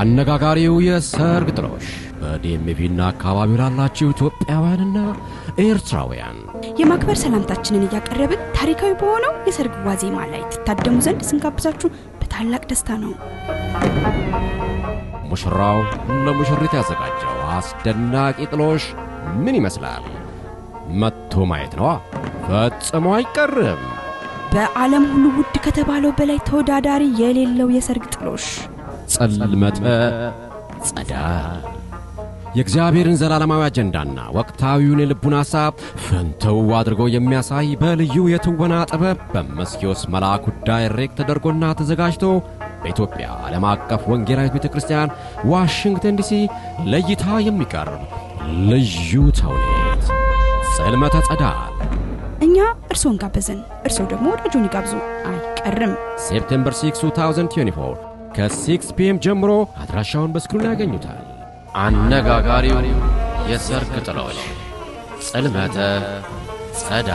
አነጋጋሪው የሰርግ ጥሎሽ በዲኤምቪና አካባቢው ላላችሁ ኢትዮጵያውያንና ኤርትራውያን የማክበር ሰላምታችንን እያቀረብን ታሪካዊ በሆነው የሰርግ ዋዜማ ላይ ትታደሙ ዘንድ ስንጋብዛችሁ በታላቅ ደስታ ነው። ሙሽራው ለሙሽሪት ያዘጋጀው አስደናቂ ጥሎሽ ምን ይመስላል? መጥቶ ማየት ነዋ፣ ፈጽሞ አይቀርም። በዓለም ሁሉ ውድ ከተባለው በላይ ተወዳዳሪ የሌለው የሰርግ ጥሎሽ ጸልመተ ጸዳል የእግዚአብሔርን ዘላለማዊ አጀንዳና ወቅታዊውን የልቡን ሐሳብ ፍንትው አድርጎ የሚያሳይ በልዩ የትወና ጥበብ በመስኪዮስ መልአክ ዳይሬክት ተደርጎና ተዘጋጅቶ በኢትዮጵያ ዓለም አቀፍ ወንጌላዊት ቤተ ክርስቲያን ዋሽንግተን ዲሲ ለእይታ የሚቀርብ ልዩ ተውኔት ጽልመተ ጸዳል። እኛ እርሶን ጋበዝን፣ እርሶ ደግሞ ወዳጆን ይጋብዙ። አይቀርም። ሴፕቴምበር 6 2024 ከ6 ፒኤም ጀምሮ አድራሻውን በስክሩን ያገኙታል። አነጋጋሪው የሰርክ ጥሎች ጽልመተ ጸዳ